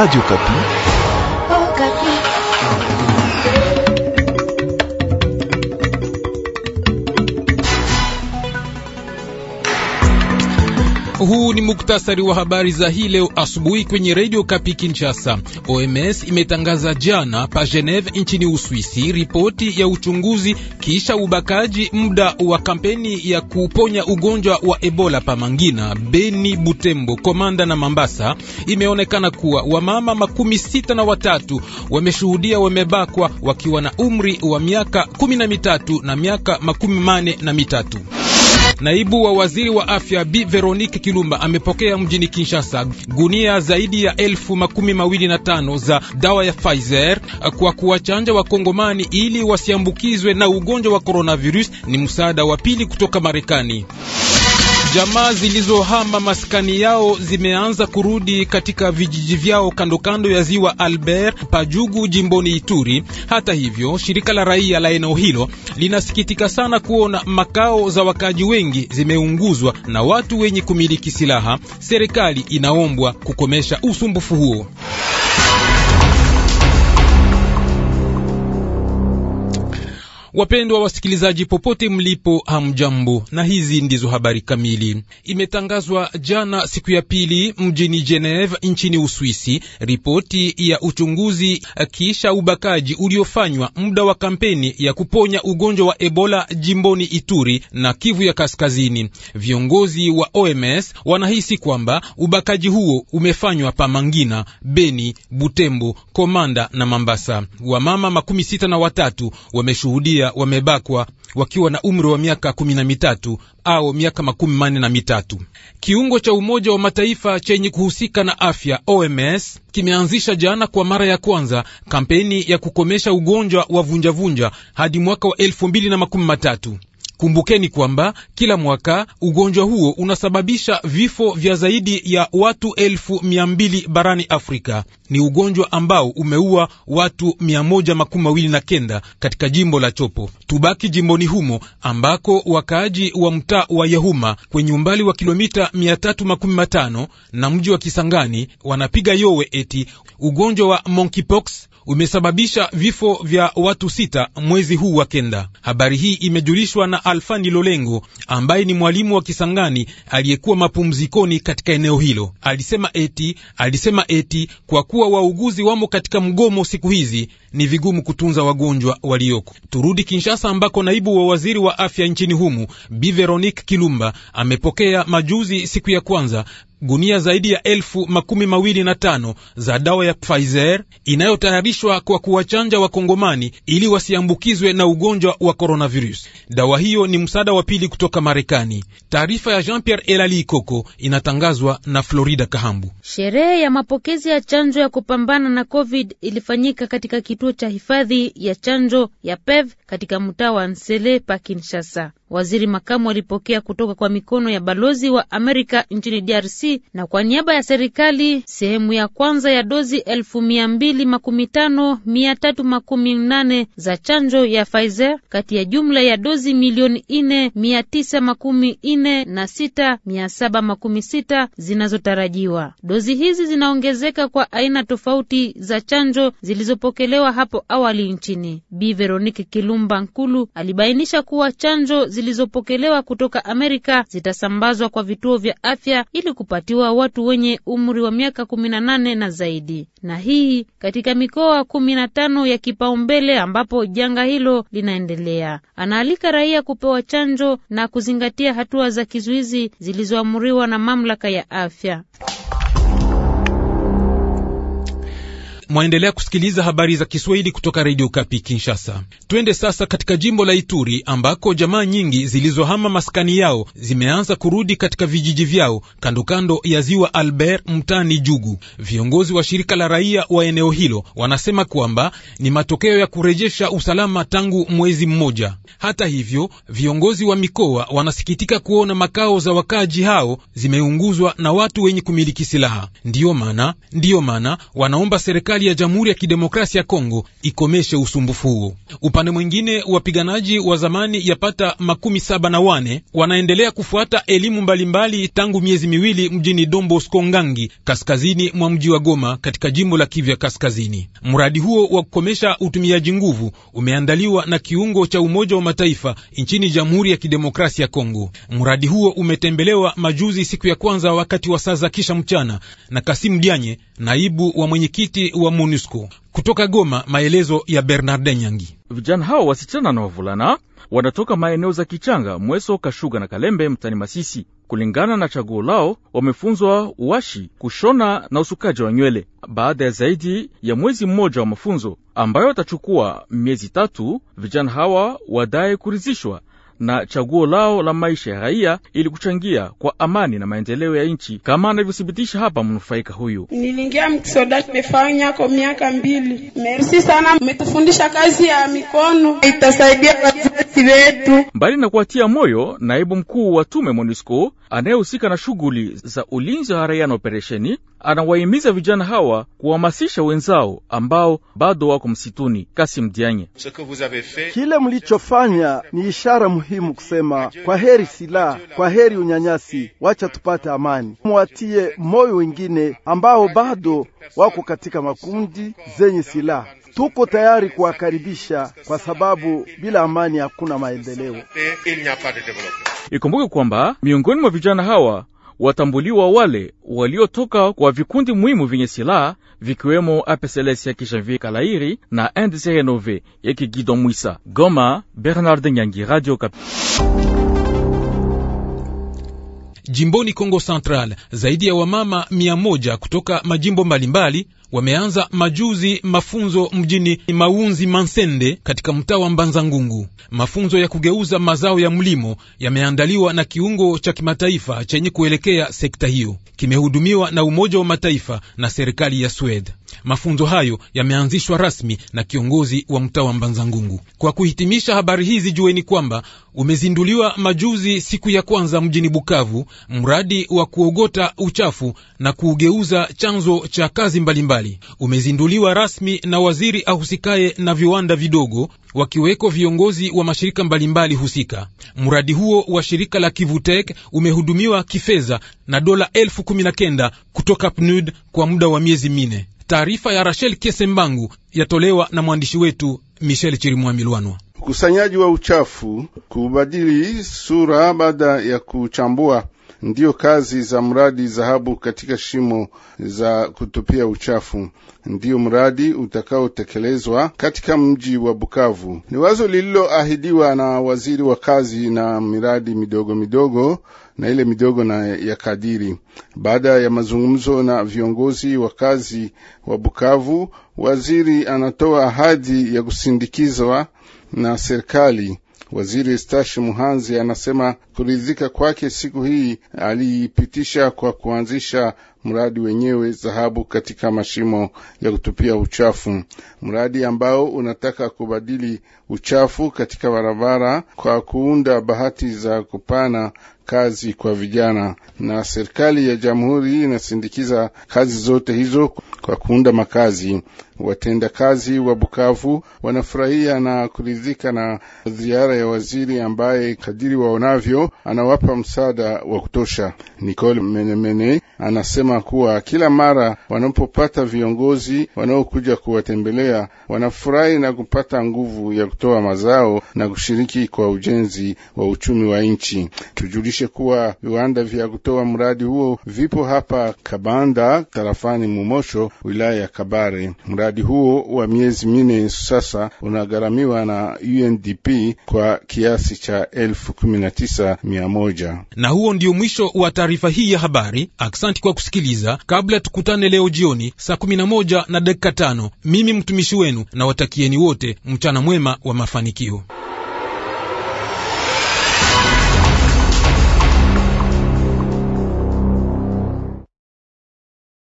Radio Kapi. Huu ni muktasari wa habari za hii leo asubuhi kwenye redio Kapi Kinshasa. OMS imetangaza jana pa Geneve nchini Uswisi ripoti ya uchunguzi kisha ubakaji muda wa kampeni ya kuponya ugonjwa wa Ebola pa Mangina, Beni, Butembo, Komanda na Mambasa. Imeonekana kuwa wamama makumi sita na watatu wameshuhudia wamebakwa wakiwa na umri wa miaka kumi na mitatu na miaka makumi mane na mitatu. Naibu wa waziri wa afya Bi Veronique Kilumba amepokea mjini Kinshasa gunia zaidi ya elfu makumi mawili na tano za dawa ya Pfizer kwa kuwachanja wakongomani ili wasiambukizwe na ugonjwa wa coronavirus. Ni msaada wa pili kutoka Marekani. Jamaa zilizohama maskani yao zimeanza kurudi katika vijiji vyao kando kando ya ziwa Albert Pajugu jimboni Ituri. Hata hivyo, shirika la raia la eneo hilo linasikitika sana kuona makao za wakaji wengi zimeunguzwa na watu wenye kumiliki silaha. Serikali inaombwa kukomesha usumbufu huo. Wapendwa wasikilizaji, popote mlipo, hamjambo, na hizi ndizo habari kamili. Imetangazwa jana siku ya pili mjini geneve nchini Uswisi ripoti ya uchunguzi kisha ubakaji uliofanywa muda wa kampeni ya kuponya ugonjwa wa Ebola jimboni Ituri na Kivu ya Kaskazini. Viongozi wa OMS wanahisi kwamba ubakaji huo umefanywa pamangina Beni, Butembo, Komanda na Mambasa. Wamama makumi sita na watatu wameshuhudia wamebakwa wakiwa na umri wa miaka kumi na mitatu au miaka makumi manne na mitatu. Kiungo cha Umoja wa Mataifa chenye kuhusika na afya OMS kimeanzisha jana kwa mara ya kwanza kampeni ya kukomesha ugonjwa wa vunjavunja hadi mwaka wa elfu mbili na makumi matatu. Kumbukeni kwamba kila mwaka ugonjwa huo unasababisha vifo vya zaidi ya watu elfu mia mbili barani Afrika. Ni ugonjwa ambao umeua watu mia moja makumi mawili na kenda katika jimbo la Chopo. Tubaki jimboni humo ambako wakaaji wa mtaa wa Yehuma kwenye umbali wa kilomita mia tatu makumi matano na mji wa Kisangani wanapiga yowe eti ugonjwa wa monkeypox umesababisha vifo vya watu sita mwezi huu wa kenda. Habari hii imejulishwa na Alfani Lolengo ambaye ni mwalimu wa Kisangani aliyekuwa mapumzikoni katika eneo hilo. Alisema eti alisema eti kwa kuwa wauguzi wamo katika mgomo siku hizi ni vigumu kutunza wagonjwa walioko. Turudi Kinshasa ambako naibu wa waziri wa afya nchini humu Bi Veronique Kilumba amepokea majuzi siku ya kwanza gunia zaidi ya elfu makumi mawili na tano za dawa ya Pfizer inayotayarishwa kwa kuwachanja wakongomani ili wasiambukizwe na ugonjwa wa coronavirus. Dawa hiyo ni msaada wa pili kutoka Marekani. Taarifa ya Jean Pierre Elali Ikoko inatangazwa na Florida Kahambu. Sherehe ya mapokezi ya chanjo ya kupambana na COVID ilifanyika katika kituo cha hifadhi ya chanjo ya PEV katika mtaa wa Nsele pa Kinshasa. Waziri makamu alipokea kutoka kwa mikono ya balozi wa Amerika nchini DRC na kwa niaba ya serikali sehemu ya kwanza ya dozi elfu mia mbili makumi tano mia tatu makumi nane za chanjo ya Pfizer kati ya jumla ya dozi milioni nne mia tisa makumi nne na sita mia saba makumi sita zinazotarajiwa. Dozi hizi zinaongezeka kwa aina tofauti za chanjo zilizopokelewa hapo awali nchini. Bi Veronique Kilumba Nkulu alibainisha kuwa chanjo zilizopokelewa kutoka Amerika zitasambazwa kwa vituo vya afya ili kupatiwa watu wenye umri wa miaka 18 na zaidi, na hii katika mikoa 15 ya kipaumbele ambapo janga hilo linaendelea. Anaalika raia kupewa chanjo na kuzingatia hatua za kizuizi zilizoamriwa na mamlaka ya afya. mwaendelea kusikiliza habari za Kiswahili kutoka redio Kapi Kinshasa. Twende sasa katika jimbo la Ituri ambako jamaa nyingi zilizohama maskani yao zimeanza kurudi katika vijiji vyao kando kando ya ziwa Albert mtaani Jugu. Viongozi wa shirika la raia wa eneo hilo wanasema kwamba ni matokeo ya kurejesha usalama tangu mwezi mmoja. Hata hivyo, viongozi wa mikoa wanasikitika kuona makao za wakaaji hao zimeunguzwa na watu wenye kumiliki silaha. Ndiyo maana ndiyo maana wanaomba serikali serikali ya Jamhuri ya Kidemokrasia ya Kongo ikomeshe usumbufu huo. Upande mwingine, wapiganaji wa zamani yapata makumi saba na wane wanaendelea kufuata elimu mbalimbali mbali tangu miezi miwili mjini Dombosco Ngangi, kaskazini mwa mji wa Goma katika jimbo la Kivya Kaskazini. Mradi huo wa kukomesha utumiaji nguvu umeandaliwa na kiungo cha Umoja wa Mataifa nchini Jamhuri ya Kidemokrasia ya Kongo. Mradi huo umetembelewa majuzi siku ya kwanza wakati wa saa za kisha mchana na Kasimu Dianye, naibu wa mwenyekiti wa wa MONUSCO. Kutoka Goma, maelezo ya Bernarde Nyangi. Vijana hao wasichana na wavulana wanatoka maeneo za Kichanga, Mweso, Kashuga na Kalembe mtani Masisi. Kulingana na chaguo lao, wamefunzwa uashi, kushona na usukaji wa nywele. Baada ya zaidi ya mwezi mmoja wa mafunzo ambayo watachukua miezi tatu, vijana hawa wadaye kurizishwa na chaguo lao la maisha ya raia ili kuchangia kwa amani na maendeleo ya nchi, kama anavyothibitisha hapa mnufaika huyu. Niliingia mkisoda, mefanya kwa miaka mbili. Merci sana, umetufundisha kazi ya mikono itasaidia wazazi wetu. Mbali na kuwatia moyo, naibu mkuu wa tume MONUSCO anayehusika na shughuli za ulinzi wa raia na operesheni anawahimiza vijana hawa kuhamasisha wenzao ambao bado wako msituni. Kasim Dianye: kile mlichofanya ni ishara muhimu kusema kwa heri silaha, kwa heri unyanyasi, wacha tupate amani. Mwatie moyo wengine ambao bado wako katika makundi zenye silaha. Tuko tayari kuwakaribisha kwa sababu bila amani hakuna maendeleo. Ikumbuke kwamba miongoni mwa vijana hawa watambuliwa wale waliotoka kwa vikundi muhimu vyenye silaha vikiwemo APCLS ya Kijanvier Kalairi na NDC Renove ya Kigido Mwisa. Goma, Bernard Nyangi, Radio Kapi. Jimboni Kongo Central, zaidi ya wamama mia moja kutoka majimbo mbalimbali wameanza majuzi mafunzo mjini Maunzi Mansende katika mtaa wa Mbanza Ngungu. Mafunzo ya kugeuza mazao ya mlimo yameandaliwa na kiungo cha kimataifa chenye kuelekea sekta hiyo, kimehudumiwa na Umoja wa Mataifa na serikali ya Sweden. Mafunzo hayo yameanzishwa rasmi na kiongozi wa mtaa wa Mbanzangungu. Kwa kuhitimisha habari hizi, jueni kwamba umezinduliwa majuzi siku ya kwanza mjini Bukavu mradi wa kuogota uchafu na kuugeuza chanzo cha kazi mbalimbali mbali. Umezinduliwa rasmi na waziri ahusikaye na viwanda vidogo wakiweko viongozi wa mashirika mbalimbali mbali husika. Mradi huo wa shirika la Kivutek umehudumiwa kifedha na dola elfu kumi na kenda kutoka PNUD kwa muda wa miezi mine. Taarifa ya Rachel Kesembangu yatolewa na mwandishi wetu Michel Chirimwamilwanwa. Ukusanyaji wa uchafu, kubadili sura baada ya kuchambua, ndiyo kazi za mradi Dhahabu katika Shimo za kutupia uchafu, ndiyo mradi utakaotekelezwa katika mji wa Bukavu. Ni wazo lililoahidiwa na waziri wa kazi na miradi midogo midogo na ile midogo na ya kadiri. Baada ya mazungumzo na viongozi wa kazi wa Bukavu, waziri anatoa ahadi ya kusindikizwa na serikali. Waziri stashi Muhanzi anasema kuridhika kwake siku hii aliipitisha kwa kuanzisha mradi wenyewe dhahabu katika mashimo ya kutupia uchafu, mradi ambao unataka kubadili uchafu katika barabara kwa kuunda bahati za kupana kazi kwa vijana, na serikali ya jamhuri inasindikiza kazi zote hizo kwa kuunda makazi. Watendakazi wa Bukavu wanafurahia na kuridhika na ziara ya waziri ambaye kadiri waonavyo anawapa msaada wa kutosha. Nicole Menemene anasema kuwa kila mara wanapopata viongozi wanaokuja kuwatembelea wanafurahi na kupata nguvu ya kutoa mazao na kushiriki kwa ujenzi wa uchumi wa nchi. Tujulishe Tujulishe kuwa viwanda vya kutoa mradi huo vipo hapa Kabanda tarafani Mumosho wilaya ya Kabare. Mradi huo wa miezi mine sasa unagharamiwa na UNDP kwa kiasi cha elfu kumi na tisa mia moja. Na huo ndio mwisho wa taarifa hii ya habari. Aksanti kwa kusikiliza. Kabla tukutane leo jioni saa kumi na moja na dakika tano, mimi mtumishi wenu na watakieni wote mchana mwema wa mafanikio.